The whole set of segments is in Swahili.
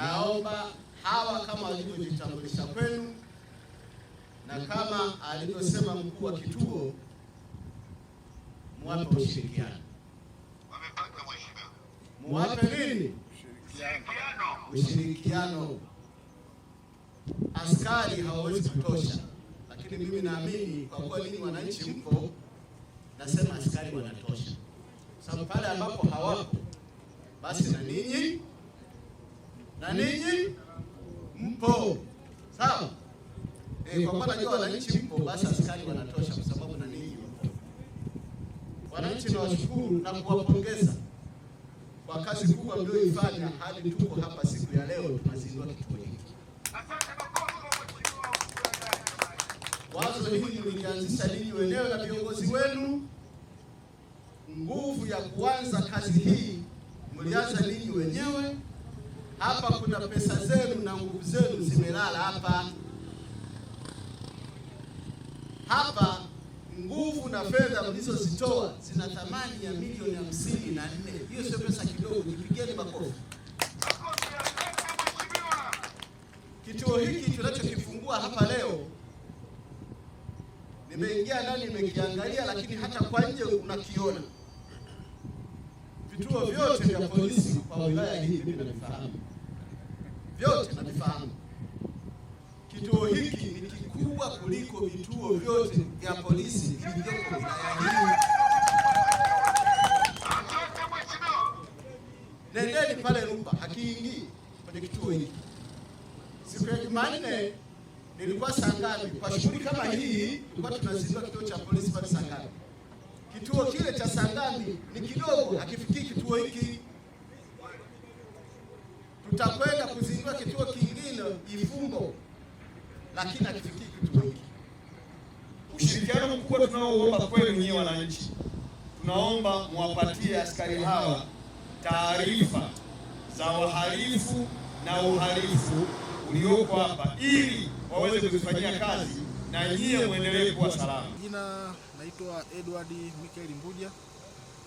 Naomba hawa kama walivyojitambulisha kwenu na kama alivyosema mkuu wa kituo, muwape ushirikiano. Muwape nini? Ushirikiano. Askari hawawezi kutosha, lakini mimi naamini kwa kuwa ninyi wananchi mpo, nasema askari wanatosha, sababu pale ambapo hawapo basi na ninyi na ninyi mpo sawa. E, kwa kuwa najua wananchi mpo, basi askari wanatosha, kwa sababu na ninyi mpo. Wananchi nawashukuru na kuwapongeza kwa kazi kubwa mlioifanya hadi tuko hapa siku ya leo tunazindua kituo hiki. Wazo hili mlianzisha ninyi wenyewe na viongozi wenu. Nguvu ya kuanza kazi hii mlianza ninyi wenyewe hapa kuna pesa zenu na nguvu zenu zimelala hapa. Hapa nguvu na fedha mlizozitoa zina thamani ya milioni hamsini na nne. Hiyo sio pesa kidogo, jipigeni makofi. Kituo hiki tunachokifungua hapa leo, nimeingia ndani nimekiangalia, lakini hata kwa nje unakiona vituo vyote vya polisi kwa wilaya hii, mimi nafahamu vyote navifahamu. Kituo hiki ni kikubwa kuliko vituo vyote vya polisi vilivyoko wilaya hii. Nendeni pale Rumba, hakiingii kwenye kituo hiki. Siku ya Jumanne nilikuwa Sangapi kwa shughuli kama hii, tulikuwa tunazindua kituo cha polisi pale Sangapi. Kituo kile cha Sangapi ni kidogo, hakifikii kituo hiki utakwenda kuzindua kituo kingine Ifumbo, lakini akifikii kituo hiki. Ushirikiano mkubwa tunaoomba kwenu nyie wananchi, tunaomba mwapatie askari hawa taarifa za uharifu na uhalifu ulioko hapa ili waweze kuzifanyia kazi na nyie mwendelee kuwa salama. Jina naitwa Edward Mikaeli Mbuja,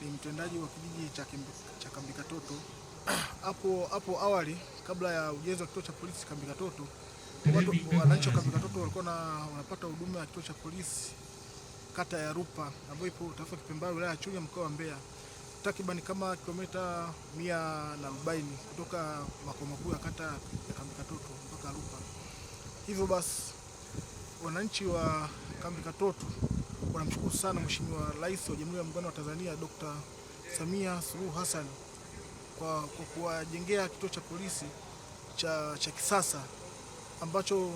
ni mtendaji wa kijiji cha Kambikatoto. hapo hapo awali kabla ya ujenzi wa kituo cha polisi kambikatoto Katoto, wananchi wa kambi walikuwa wanapata huduma ya kituo cha polisi kata ya Rupa ambayo ipo tarafa Kipembaro wilaya ya Chunya mkoa wa Mbeya takriban kama kilomita mia na arobaini kutoka makao makuu ya kata ya kambi mpaka Rupa. Hivyo basi wananchi wa kambikatoto wanamshukuru sana Mheshimiwa Rais wa Jamhuri ya Muungano wa Tanzania Dr. Samia Suluhu Hassan kwa, kwa kuwajengea kituo cha polisi cha, cha kisasa ambacho,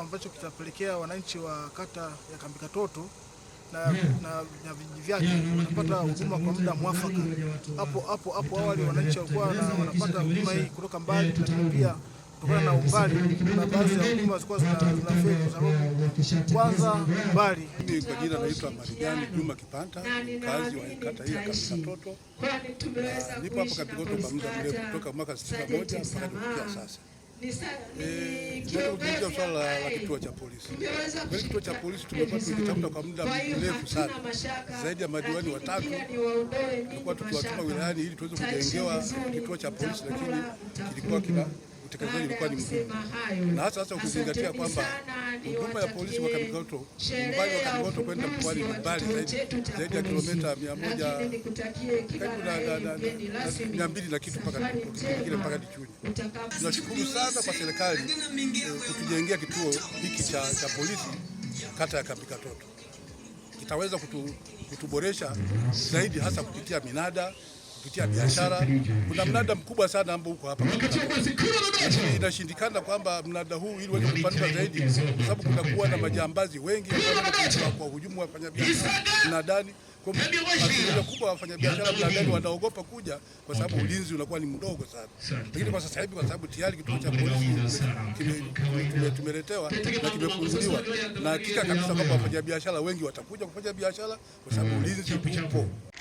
ambacho kitapelekea wananchi wa kata ya Kambikatoto na, na, na vijiji vyake wanapata huduma kwa muda mwafaka. Hapo hapo hapo awali wananchi walikuwa wanapata huduma hii kutoka mbali, lakini pia kutokana na umbali na baadhi ya huduma zilikuwa zinafeli kwa sababu kwanza umbali. Mimi kwa jina naitwa Marijani Juma Kipanta, mkazi wa kata hii ya Kamsatoto. Ah, nipo hapa Kapikoto kwa muda mrefu kutoka mwaka 61 mpaka kufikia sasa. Kugusia eh, swala la kituo cha polisi, kwenye kituo cha polisi tumekuwa tukitafuta kwa muda mrefu sana, zaidi ya madiwani watatu tulikuwa tukiwatuma wilayani ili tuweze kujengewa kituo cha polisi, lakini kilikuwa kina utekelezaji ulikuwa ni mzuri, na hasa hasa ukizingatia kwamba huduma ya polisi kwa Kamigoto, umbali wa Kamigoto kwenda Mtwara ni mbali zaidi ya kilomita mia moja mia mbili na kitu kingine mpaka Dichunyi. Tunashukuru sana kwa serikali eh, kutujengea kituo hiki cha polisi kata ya Kamikatoto, kitaweza kutuboresha zaidi hasa kupitia minada kupitia biashara. Kuna mnada mkubwa sana ambao uko hapa, inashindikana kwamba mnada huu ili uweze kupanuka zaidi, kwa sababu kunakuwa na majambazi wengi kwa hujumu wafanyabiashara mnadani asilimia kubwa wafanyabiashara mnadani wanaogopa kuja kwa sababu ulinzi unakuwa ni mdogo sana, lakini kwa sasa hivi kwa sababu tayari kituo cha polisi tumeletewa na kimefunguliwa, na hakika kabisa kwamba wafanyabiashara wengi watakuja kufanya biashara kwa sababu mm. ulinzi upo.